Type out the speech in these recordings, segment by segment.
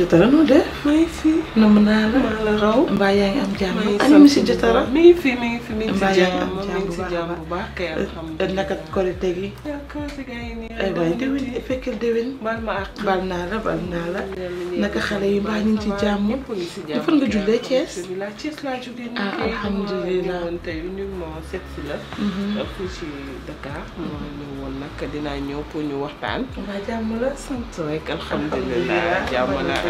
jotara noo def. maa ngi fi. namm naa la maa la raw. mbaa yaa ngi am jàmm. maa ngi si jotara. mi ngi fi mi ngi bu baax kay eh, alhamdulilah naka korite gi. ay waay déwén yi eh, fekkee déwén. baal ma àq baal naa la baal naa la. naka xale yi ñu ngi ci jàmm. fan nga jullee Thiès. ah alhamdulilah. Mhm. Euh, fii ci Dakar. Mhm. moo ñëw woon nag dinaa ñëw pour ñu waxtaan. mbaa jàmm la sant rek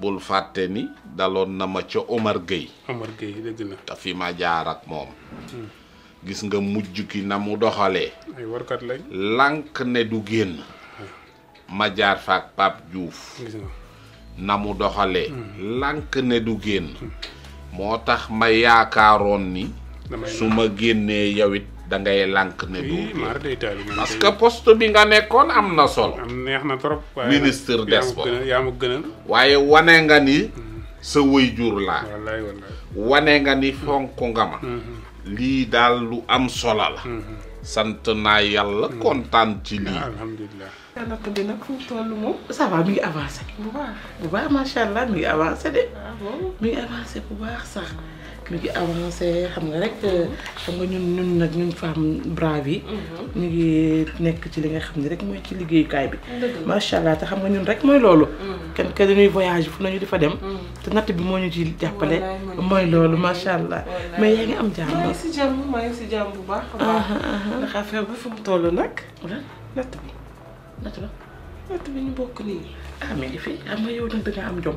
bul fàtte ni dalon na ma ci Omar gey Omar gey deug na ta fi ma jaar ak mom hmm. gis nga mujju ki na mu doxale ay warkat lañ lank ne du genn ah. ma jaar Diouf na mu doxale hmm. lank ne du genn hmm. motax ma ni suma genné yawit da ngay lank ne du parce que poste bi nga nekkoon am na solo neex na trop ministre des sports ya mu gënal waaye wane nga ni sa wëy jur laa wane nga ni fonk nga ma lii daal lu am solo la sant naa yàlla kontaan ci lii alhamdulilah natt bi nag fu tollu moom ça va mi ngi avancé bu baax bu baax macha allah mi ngi avancé de mi ngi avancé bu baax sax ñu ngi avancé xam nga rek xam nga ñun ñun nag ñun femme brave yi. Mhm. ñu ngi nekk ci li nga xam ni rek mooy ci liggéeyukaay bi. macha allah te xam nga ñun rek mooy loolu. Mhm. kenn kenn dañuy voyage fu nañu di dem. Mhm. te natt bi moo ñu ci jàppale. mooy loolu macha allah. mais yaa ngi am jàmm. maa ngi si jàmm maa bu baax. nag. natt bi natt ba bi ñu bokk nii. ah mais fii xam nga yow nag da am jom.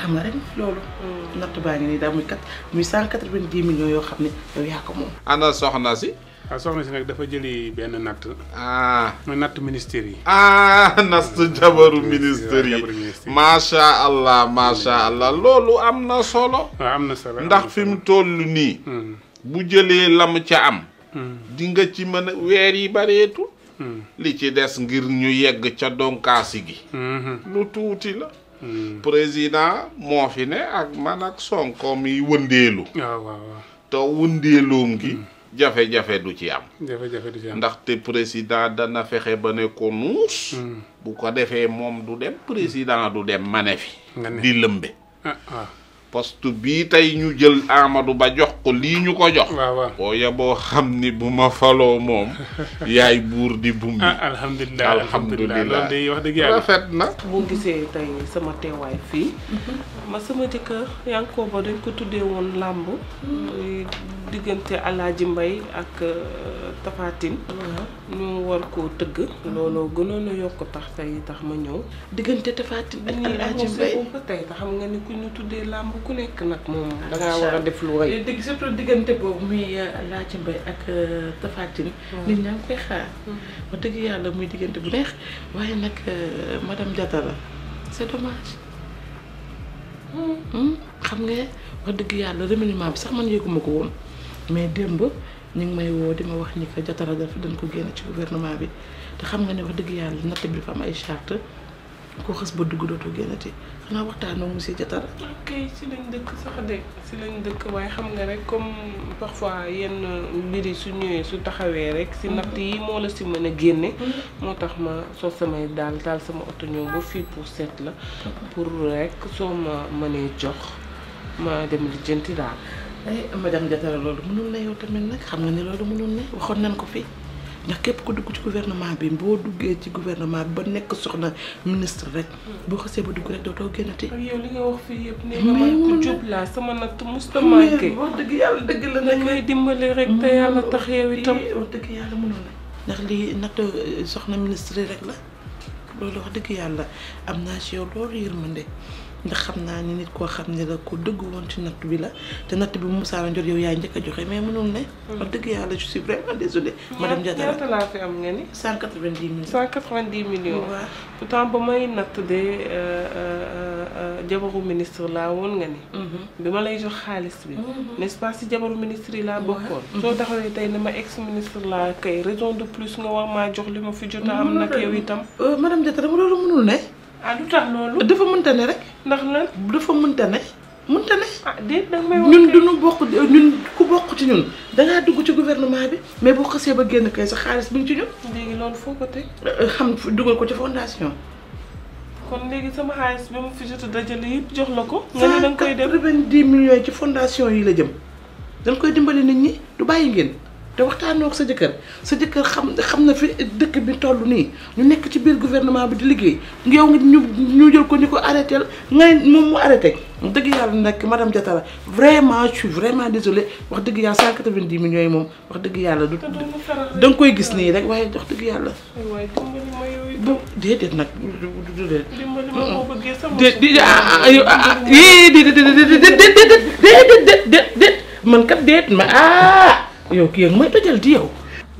xam nga rek loolu. natt baa ngi muy kat muy cent quatre yoo xam ne yow yaa ko moom. ana soxna si. Ah, nag dafa jëli benn natt. ah mooy natt ministère yi. ah natt jabaru ministère yi macha allah macha allah loolu am na solo. Ah, am na solo ndax fi mu toll nii. Hmm. bu jëlee lam ca am. Hmm. di nga ci mën weer yi bareetu hmm. li ci des ngir ñu yegg ca donkaasi gi. lu tuuti la. Mm. président moo fi ne ak man ak Sonko mi wëndeelu. Ah, waaw te wëndeeloom gi. Mm. jafe-jafe du ci am. jafe-jafe ndaxte président dana fexe ba ne ko nuus. Mm. bu ko defee moom du dem président du dem ma ne fi. di lëmbe. Ah, ah. poste bii tey ñu jël amadu Ba jox ko lii ñu ko jox. boo yeboo xam ni bu ma faloo moom. yaay buur di bum bi. Ah, alhamdulilah alhamdulilah loolu day wax dëgg yàlla rafet na. boo gisee tey sama teewaay fii. ma sama jëkkër Yankoba dañ ko tuddee woon làmb. diggante Alaaji Mbay ak euh, Tafatine. ñu war koo tëgg. looloo gënoon yokk tax tey tax ma ñëw. diggante Tafatine ak Alaaji Mbay tey xam nga ni ku ñu tuddee làmb ku nekk nag moom. Ah, da war a def lu rëy. surtout diggante boobu muy euh, Lathia Mbaye ak euh, Tapha Tine. nit ñaa ngi koy xaar. Mm-hmm. wax dëgg yàlla muy diggante bu neex waaye nag euh, madame Diatara c'est dommage. Mm-hmm. Hmm? xam nga wax dëgg yàlla remaniement bi sax man yëguma ko woon mais démb ñu ngi may woo di ma wax ni ko Diatara dafa dañ ko génn ci gouvernement bi te xam nga ne wax dëgg yàlla natt bi dafa am ay charte koo xas ba dugg dootoo génnati xanaa waxtaanoo monsieur Diatara. ok si lañ dëkk sax de si lañ dëkk waaye xam nga rek comme parfois yenn mbir su ñëwee su taxawee rek. si natt yi moo la si mën a génne. Mm-hmm. moo tax ma soo samay daal daal sama oto ñëw ba fii pour seet la. Mm-hmm. pour rek soo ma mënee jox ma dem lijjanti daal. ay eh, madame Diatara loolu mënul na yow tamit nag xam nga ne loolu mënul ne waxoon nañ ko fii. ndax képp ku dugg ci gouvernement bi boo duggee ci gouvernement bi ba nekk soxna ministre rek. boo xasee ba dugg rek dootoo génnati. ak yow li nga wax fii yëpp ne nga man ku jub laa sama natt musta manqué. wax dëgg yàlla dëgg la nag. ngay dimbali rek te yàlla tax yow itam. wax dëgg yàlla mënoon na. ndax lii natt soxna ministre rek la loolu wax dëgg yàlla am naa ci yow loolu yërmande. ndax xam naa ni nit koo xam ne la ko dëgg woon ci natt bi la te natt bi mu musaana jot yow yaay njëkk a joxe mais mënul ne. wax dëgg yàlla je suis vraiment désolée. Hmm. madame Diatara ñaata laa fi am nga ni. 190 euh, euh, euh, jabaru ministre laa woon nga ni. Mm-hmm. bi ma lay jox xaalis bi. Mm-hmm. n'est-ce pas jabaru ministre yi laa bokkoon. Mm-hmm. soo taxawee tey ne ma ex ministre laa kay raison de plus nga war maa jox li ma fi jot a am. nag yow itam. madame Diatara loolu mënul ne. ah lu tax loolu. dafa mënta ne rek. ndax lan dafa mënta ne mënta ne. ah déet da may ñun duñu bokk ñun ku bokk ci ñun dangaa dugg ci gouvernement bi mais boo xasee ba génn kay sa xaalis bi ngi ci ñun. léegi loolu foo ko teg. Euh, xam dugal ko ci fondation. kon léegi sama xaalis bi ma fi jot a dajale yëpp jox la ko. nga ne da nga koy dem 190 millions ci fondation yi la jëm. dañ koy dimbali nit ñi du bàyyi ngeen. te waxtaanoo ak sa jëkkër sa jëkkër xam xam na fi dëkk bi toll nii ñu nekk ci biir gouvernement bi di liggéey yow ngi ñu ñu jël ko ñu ko arrêté ngay moom mu arrêté dëgg yàlla nag madame Diatara vraiment je suis vraiment désolé wax dëgg yàlla cent quatre-vingt-dix millions yi moom wax dëgg yàlla du da nga koy gis nii rek waaye wax dëgg yàlla bu déedéet nag du déet déet déet déet déet man kat déet ma ah yow ki ak may dajal di yow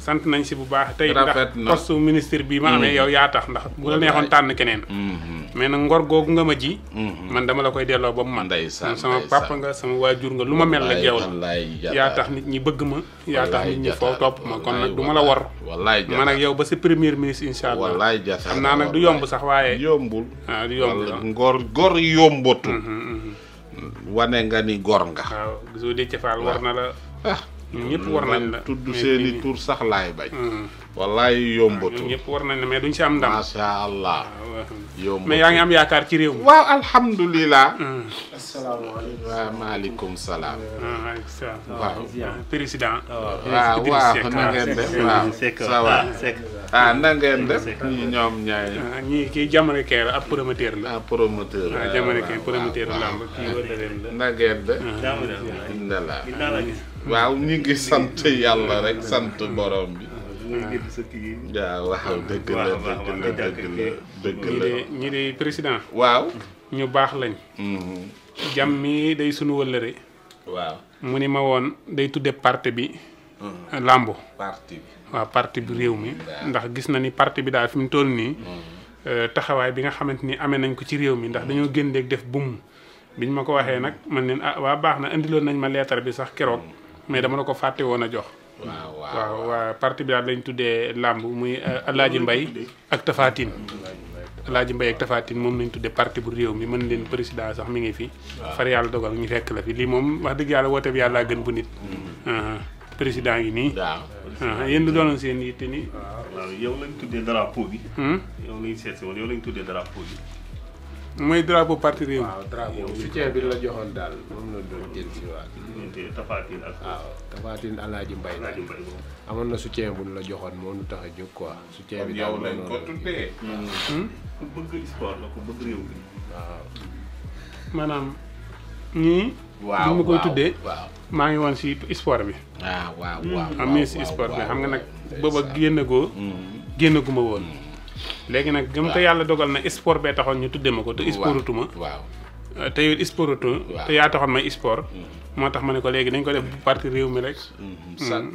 sant nañ ci bu baax tay ndax poste ministre bi ma amé mm. yow ya tax ndax bu la neexon tan keneen mm-hmm. mais nak ngor googu nga ma ji mm-hmm. man dama la koy delo ba mu man sama papa nga sama wajur nga luma mel ak yow ya tax nit ñi bëgg ma ya tax nit ñi fo top ma kon nak duma la war man ak yow ba ci premier ministre inshallah allah xam naa nag du yomb sax waye yombul waaw ah, du yomb ngor gor yombatu mm-hmm, wane nga ni gor nga waaw gisoo ci faal war na la ah ñoom ñëpp war nañ la tudd seeni tur sax laay bañ hmm. wallahi yombatu ñëpp war nañ la mais duñ ci am ndam masha allah ah, yomb mais yaa ngi am yaakaar ci réew mi waaw alhamdulilah hmm. asalaamaaleykum wa maaleykum salaam waaw ah, président ah, waaw waaw na ngeen def waaw ça va ah na ngeen def ñi ñoom ñaay ñi ki jamono kee la ab promoteur la ah promoteur ah jamono kee promoteur la ki wala la na ngeen def indala waaw ñu ngi sant yàlla rek sant borom bi. waaw waaw dëgg dëgg ñi de président. waaw ñu baax lañ. Mm-hmm. jàmm mi day sunu wëllëre. waaw mu ni ma woon day tudde parti bi. Mm-hmm. làmbu parti bi bi réew mi. ndax gis na ni parti bi daal fi mu nii. Mm-hmm. Euh, taxawaay bi nga xamante ni amee nañ ko ci réew mi ndax dañoo génneeg def buum biñ ma ko waxee nag man leen ah waa baax na indiloon nañ ma leetar bi sax keroog. mais dama la ko fàtte woon a jox. waaw waaw parti bi daal lañ tuddee làmb muy euh, Alaaji Mbay ak Tafatine. Alaaji Mbay ak tafaatin moom lañ tuddee parti bu réew mi mën leen président sax mi ngi fi. far yàlla dogal ñu fekk la fi lii moom wax dëgg yàlla woote bi yàlla gën bu nit. Mm-hmm. Uh-huh. président yi nii. waaw uh-huh. yéen du doonoon seen yitte nii. waaw yow lañ tuddee drapeau hmm? seet si woon yow lañ tuddee drapeau bi. mooy drapeau parti réew. waaw drapeau soutien bi la joxoon daal moom la doon jël si waat. Tafatine ak. waaw Mbay. Alaaji Mbay amoon na soutien bu ñu la joxoon moo ñu tax a jóg quoi. soutien bi daal lañ ko hmm? Hmm? bëgg sport la ko bëgg réew mi. waaw. maanaam ñii. ma koy tuddee. maa ngi woon si sport ah, bi. waaw waaw si sport bi xam nga nag booba génn goo. Hmm. génn gu woon. léegi nag gëm ko yàlla dogal na sport bee taxoon ñu tuddee ma ko te sportuma waaw te yow sportu te yaa taxoon may sport mm-hmm. moo tax ma ne ko léegi dañ ko def parti réew mi rek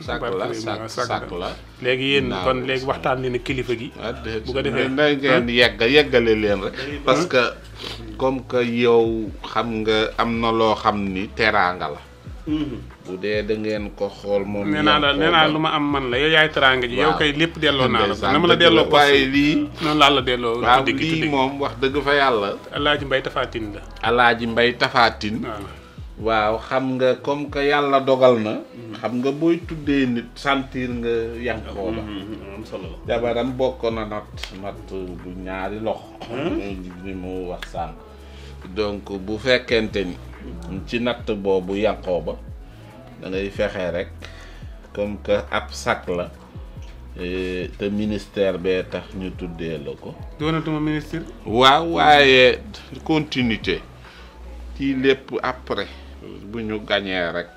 sàkk la sàkk la léegi yéen kon léegi waxtaan ne kilifa gi ah, bu ko defee da ngeen ah? yegga yeggalee leen rek parce que comme que yow xam nga am na loo xam ni teraanga la mm-hmm. bu dee da ngeen ko xool moom. nee naa la nee naa lu ma am man la yow yaay teraanga ji. yow kay lépp delloo naa la. na ma la delloo waaye lii. noonu laa la delloo. waaw lii moom wax dëgg fa yàlla. Alaaji Mbay Tafatin la. Alaaji Mbay Tafatin. waaw xam nga comme que yàlla dogal na. Mm-hmm. xam nga booy tuddee nit sentir nga yankoo la. Mm-hmm, mm-hmm, la jabaram bokk na natt natt bu ñaari lox hmm? ni mu wax sànq. donc bu fekkente ni. ci natt boobu yankoo ba. da ngay fexe rek comme que ab sac la te ministère bee tax ñu tuddee la ko. doonatuma ministre. waaw waaye continuité ci lépp après bu ñu gañee rek.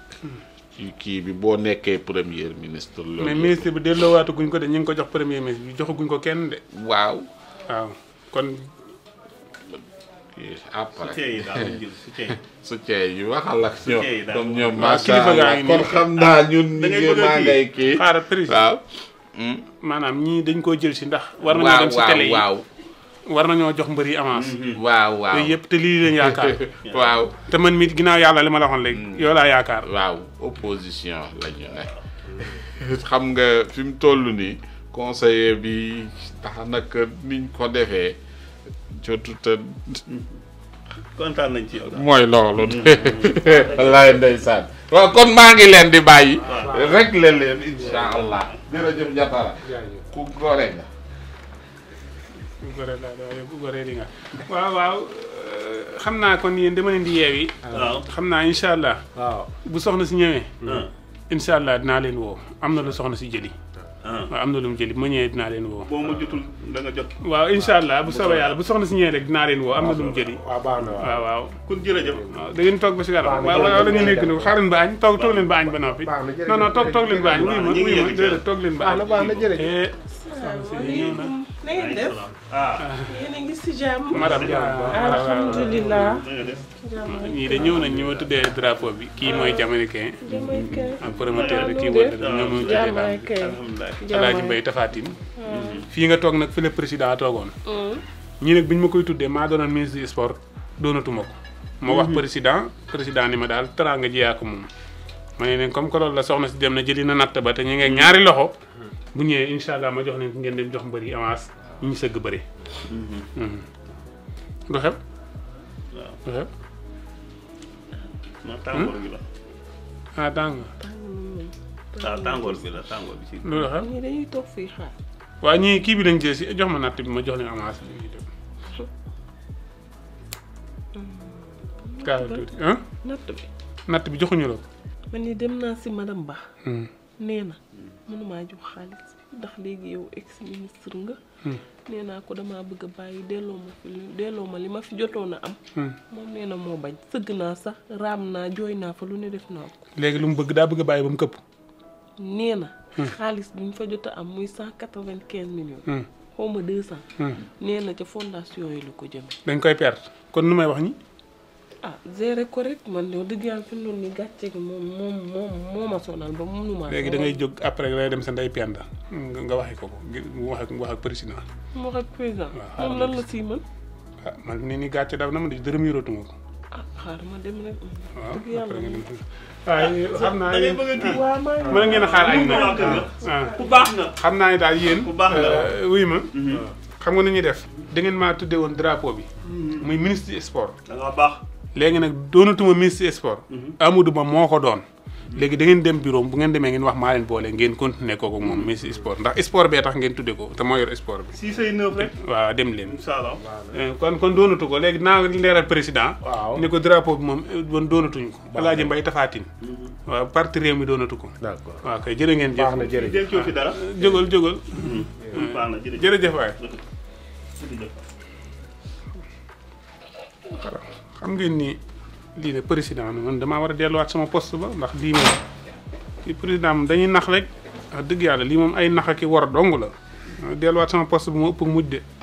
ci kii bi boo nekkee premier ministre. loolu mais ministre bi delloowaatu guñ ko de ñu ngi ko jox premier ministre bi joxaguñ ko kenn de. waaw waaw kon. après soutien yi waxal ak ñoom comme ñoom macha allah kon xam naa ñun ñi ngi maa ngay kii waaw maanaam ñii dañ koo jël si ndax war nañoo dem si télé yi waaw jox mbër yi avance waaw waaw yooyu yëpp te lii lañ yaakaar waaw te man mi ginnaaw yàlla li ma la waxoon léegi yow laa yaakaar waaw opposition la ñu ne xam nga fi mu toll nii conseiller bi tax nag niñ ko defee jotu te kontaan nañ ci yow mooy loolu wallaay ndeysaan kon ma ngi len di bàyyi rek le leen insha allah jërëjëf jatara iya, iya. ku gore nga ku gore laa ya, waaye ku gore li nga waaw waaw eh, xam naa kon yéen dama leen di yeewi xam naa insha bu soxna si ñëwee hmm. insha allah dinaa leen woo lu soxna si jëli Ah. waaw am na lu mu jëli bu ma ñëwee dinaa leen woo. boo ma jotul waaw incha bu soobee si ñëwee rek dinaa woo am na lu mu jëli. waaw da ngeen toog ba si garab waaw wala ñu nekk nii xaaral ba añ toog toog leen ba añ ba noppi. non toog toog leen ba añ. wuy ma wuy toog leen ba añ. baax na ngeen ah. de ñëw nañ ñi ma tuddee drapeau bi kii mooy jamaïcain. jamaïcain ah, promoteur bi kii wër na ñoom ñoo tuddee daal. jamaïcain Alaaji Mbay mm. fii nga toog nag fi la président toogoon. Mm. ñii nag bi ñu ma koy tuddee maa doonoon ministre du sport doonatuma ko. moo wax mm-hmm. président président ni ma daal teraanga ji yaa ko moom. ma ne leen comme que la soxna si dem na jëli na natt ba te ñu ngi ñaari loxo. Mm-hmm. bu ñëwee incha allah ma jox leen ngeen dem jox mbër yi avance. ñi sëgg bëri. lu xew. waaw lu xew. non tàngoor gi la. ah tàngoor. ah tàngoor bi la tàngoor bi ci. loolu xew ñii dañuy toog fii xaar. waa ñii kii bi lañ jël si jox ma natt bi ma jox leen avance bi ñuy def. kaay tuuti ah. natt bi natt bi joxuñu la man ni dem naa si madame Ba. Hmm. nee na mënumaa jox xaalis ndax léegi yow ex ministre nga. nee naa ko dama bëgg a bàyyi delloo ma fi delloo ma li ma fi jotoon a am. Hmm. moom nee na moo bañ sëgg naa sax raam naa jooy naa fa lu ne def naa ko. léegi lu mu bëgg daa bëgg bàyyi ba mu këpp. nee na. Hmm. xaalis bi ñu fa jot a am muy cent quatre-vingt-quinze millions. Hmm. xaw ma deux cent. nee na ca fondation yi la ko jëmee. dañ koy perte kon nu may wax ñi. ah gérer ko rek man yow dëgg yàlla fi moo ma sonal ba mu léegi da ngay jóg après lay dem sa ndey Penda nga waxee ko ko mu wax ak mu wax ak président. mu ah, ni nii gàcce daal na ma di dërëm yorootuma ah, ma dem rek. Ah, xam naa ne ngeen a xaar añ na ku baax nga xam naa ne daal yéen. ku baax nga euh, wuy ma. Mhm. xam nga nu ñuy def. da ngeen maa tuddee woon drapeau bi. Mhm. muy ministre du sport. baax. léegi nag doonatuma ministre sport. Mhm. Amadou Ba moo ko doon. léegi da ngeen dem bureau bu ngeen demee ngeen wax maa leen boole ngeen continuer kooku moom mhm. ministre sport ndax sport bee tax ngeen tudde ko te moo yor sport bi. 6 ay waaw dem leen. Eh, kon kon doonatu ko léegi naa leeral président. waaw ni ko drapeau bi moom doon eh, doonatuñ ko. Mhm. waaw Mbay Tafaatin. parti réew mi doonatu ko. d'accord waaw kay jërë ngeen jëf. baax na jërëjëf jël fi dara. Eh, jógal jógal. baax na jërëjëf jërëjëf xam ngeen nii lii ne président bi man damaa war a delluwaat sama poste ba ndax lii moom ci président moom dañuy nax rek wax dëgg yàlla lii moom ay nax ak i war dong la delluwaat sama post bi ma ëpp mujj de.